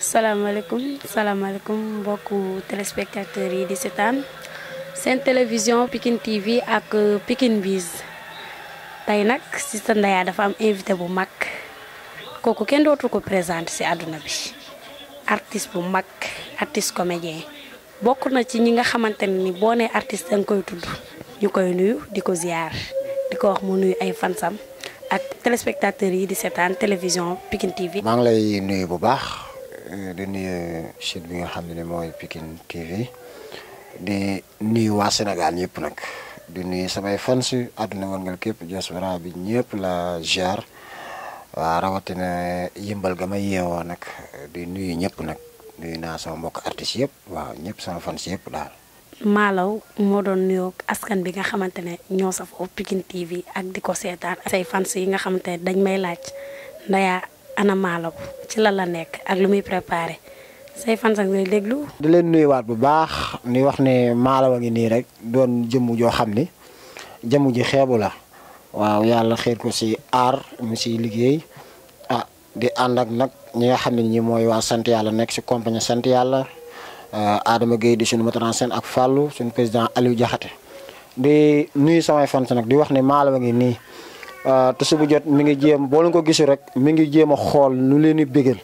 salam salaamaaleykum mbokku téléspectateurs yi di seetaan C'est télévision Pikine TV ak Pikine Biz tey nag Sista Ndeya dafa am invité bu mag kooku kenn dootu ko présenté ci àdduna bi artiste bu mag artiste comédien bokk na ci ñi nga xamante ne ni artiste danga koy tudd ñu koy nuyu di ko ziar di ko wax mu nuyu ay fansam ak téléspectateurs yi di seetaan télévision Pikine TV. Mang ngi lay nuyu bu baax. Euh, di nuyu chaîne bi nga xam ne mooy Pikine TV di nuyu waa Sénégal ñëpp nag di nuyu samay fans yu àdduna képp diaspora bi ñëpp la jaar waa rawatina yëmbal ga ma yeewoo nag di nuyu ñëpp nag nuyu naa sama mbokk artistes yëpp waaw ñëpp sama fans yëpp daal. Malaw moo doon nuyoo askan bi nga xamante ne ñoo safoo Pikine TV ak di ko seetaan say fans yi nga xamante ne dañ may laaj Ndaya. ana malo ci la la nek ak lu muy préparer say fan sax ngay déglu. di nuy wat bu baax ni wax ne maalawa ngi ni rek doon jëmm jo xamni ni ji xébu la waaw yalla xeer ko ci ar mu ci liggéey ah di and ak nak ñi nga xamni ñi moy wa sant yalla nek ci compagnie sant euh Adama gey di sunu matran sen ak fallu sunu président Aliou Diakhaté di nuy sama fan nak di wax ne maalawa ngi ni Euh, te bu jot mi ngi jéem boo leen ko gisu rek mi ngi jéem a xool nu leen di bégal.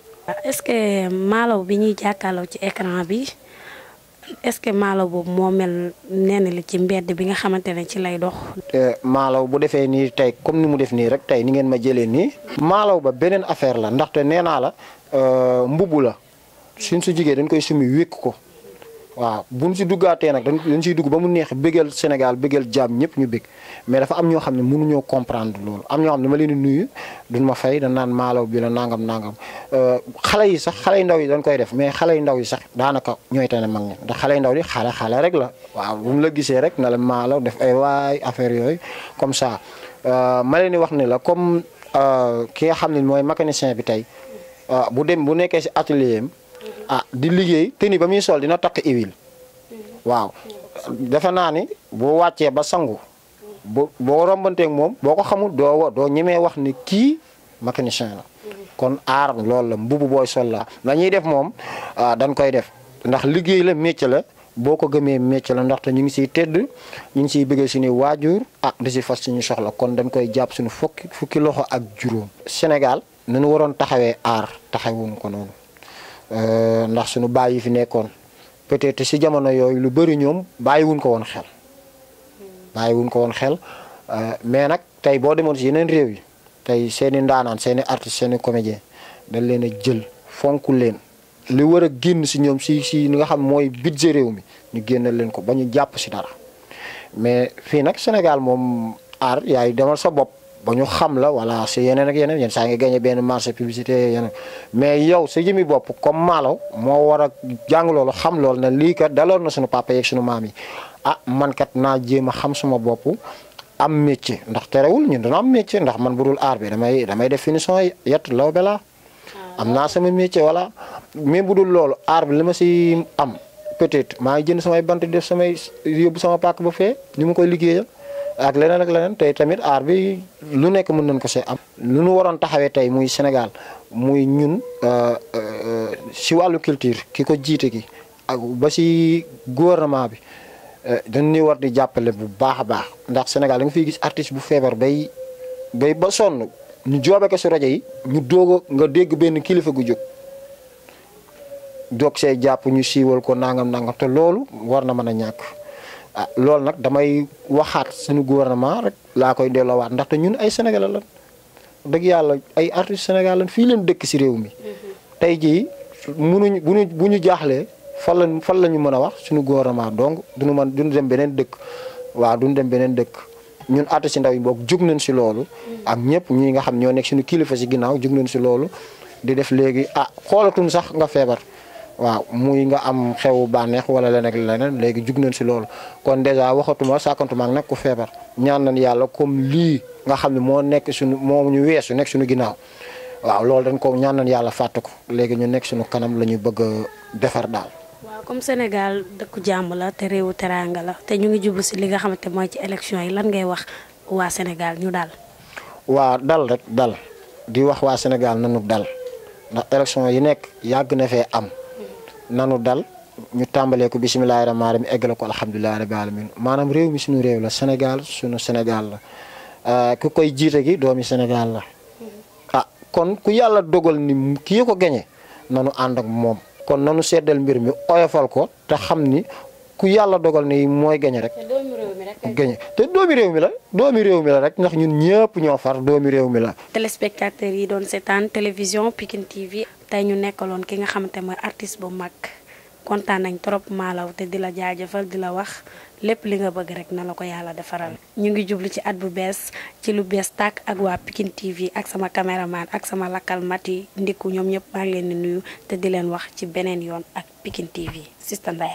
est-ce que maalaw bi ñuy jàkkaarloo ci écran bi est-ce que maalaw boobu moo mel nenn li ci mbedd bi nga xamante ne ci lay dox. Eh, maalaw bu defee nii tey comme ni mu def nii rek tey ni ngeen ma jëlee nii. maalo ba beneen affaire la ndaxte nee naa la euh, mbubb la suñ su jigéen dañ koy sumi wékk ko. waaw bu ñu si duggaatee nag dañ siy dugg ba mu neex bëggal Sénégal bëggal jaam ñëpp ñu bëgg mais dafa am ñoo xam ne mënuñoo comprendre loolu am ñoo xam ne dama leen di nuyu duñ ma fay naan maalaw bi la nangam nangam euh, xale yi sax xale yu ndaw yi dañ koy def mais xale yu ndaw yi sax daanaka ñooy tane mag ñi ndax xale yu ndaw yi xale xale rek la waaw bu la gisee rek na la maalaw def ay waay affaire yooyu comme ça euh, ma leen di wax ne la comme euh, ki nga xam ne mooy mécanicien bi tey bu dem bu nekkee si atelier ah di liggéey tenue ba muy sol dina tak iwil waaw dafa nani bo wacce ba sangu bo boo rombanteeg moom boo ko xamul do do doo wax ni ki mécanicien la kon ar lool la mbubu boy sol la la def mom ah dañ koy def ndax liggéey la métier la boko ko métier la ndaxte ñu ngi ci tedd ñu ngi siy bëggee suñuy wajur ah di ci fas suñu soxla kon dañ koy japp suñu fukki fukki loxo ak juroom Sénégal nañu waron taxawé ar taxawuñu ko Euh, ndax suñu baay yi fi nekkoon peut-être si jamono yooyu lu bëri ñoom bàyyiwuñ ko woon xel. bàyyiwuñ ko woon xel euh, mais nag tey boo demoon si yeneen réew yi tey seen i ndaanaan seen i artistes seen i comédiens dañ leen a jël fonk leen. li war a génn si ñoom si si li nga xam mooy budget réew mi ñu génnal leen ko ba ñu jàpp si dara mais fii nag Sénégal moom aar yaay demal sa bopp. ba xam la voilà si yeneen ak yeneen yenn saa ngi gagné benn marché publicité yeneen mais yow sa jëmi bopp comme maalo moo war a jàng loolu xam lool na lii kat daloon na suñu papa yeeg suñu maam yi ah man kat naa jéem a xam suma bopp am métier ndax terewul ñun dana am métier ndax man bu dul aar bi damay damay def finition yet law be laa ah. am naa sama métier wala mais bu dul loolu aar bi li ma si am peut-être maa ngi jënd bant def samay yóbbu sama pàkk ba fee li koy liggéeyal ak leneen ak leneen tey tamit aar bi lu nekk mën nañ ko se am. lu nu waroon taxawee tey muy Sénégal muy ñun euh, euh, si wàllu culture ki ko jiite gi ak ba si gouvernement bi euh, dañ ñuy war di jàppale bu baax a baax ndax Sénégal da nga fiy gis artiste bu feebar bay bay ba sonn ñu joobe ko si rajo yi ñu doog a nga dégg benn kilifa gu jóg. doog see jàpp ñu siiwal ko nangam nangam te loolu war na mën a ñàkk. ah loolu nag damay waxaat suñu gouvernement rek laa koy delloowaat ndaxte ñun ay sénégalais lan dëgg yàlla ay artistes sénégalais lan fii leen dëkk si réew mi. Mm-hmm. tey jii munuñ bu bu ñu jaaxlee fan lañ fan la ñu mën a wax suñu gouvernement donc duñu mën duñu dem beneen dëkk waaw duñu dem beneen dëkk. ñun artistes ndaw yi boog jug nañ si loolu. Mm-hmm. ak ñëpp ñi nga xam ñoo nekk suñu kilifa si ginnaaw jug nañ si loolu. di def léegi ah xoolatuñ sax nga feebar. waaw muy nga am xew banex wala leneen ak leneen léegi jug nañ si loolu kon deja waxatuma sakantuma ak nag ku feebar ñaan nañ yalla comme li nga xamni mo nek suñu mo ñu wessu nek suñu ginaaw waaw lool dañ ko ñaan nañ yalla fàtte ko léegi ñu nek suñu kanam la bëgg défar defar daal. waaw comme Sénégal dëkku jamm la té réewu teranga la té ñu ngi jublu ci li nga xamante moy ci élection yi lan ngay wax wa Sénégal ñu daal. dal rek dal di wax wa Senegal nañu dal ndax élection yi nek yag na fe am. nanu dal ñu tàmbalee ko bisimilah rahmaani rahiim eggale ko alhamdulilah rabbil alamin maanaam réew mi suñu réew la Sénégal suñu Sénégal la euh, ku koy jiite ki doomi Sénégal la ah kon ku yàlla dogal ni kii ko gañe nanu ànd ak moom kon nanu seddal mbir mi oyofal ko te xam ni ku yàlla dogal ni mooy gañe rek. gagné te doomi réew mi la doomi réew mi la rek ndax ñun ñëpp ñoo far doomi réew mi la. téléspectateurs yi doon seetaan télévision Pikine TV tey ñu nekkaloon ki nga xamante mooy artiste bu mag kontaan nañ trop maalaw te di la jaajëfal di la wax lépp li nga bëgg rek na la ko yàlla defaral. ñu ngi jublu ci at bu bees ci lu bees tàkk ak waa Pikine TV ak sama caméraman ak sama lakkal mati ndiku ñoom ñëpp maa ngi leen di nuyu te di leen wax ci beneen yoon ak Pikine TV sista Ndaya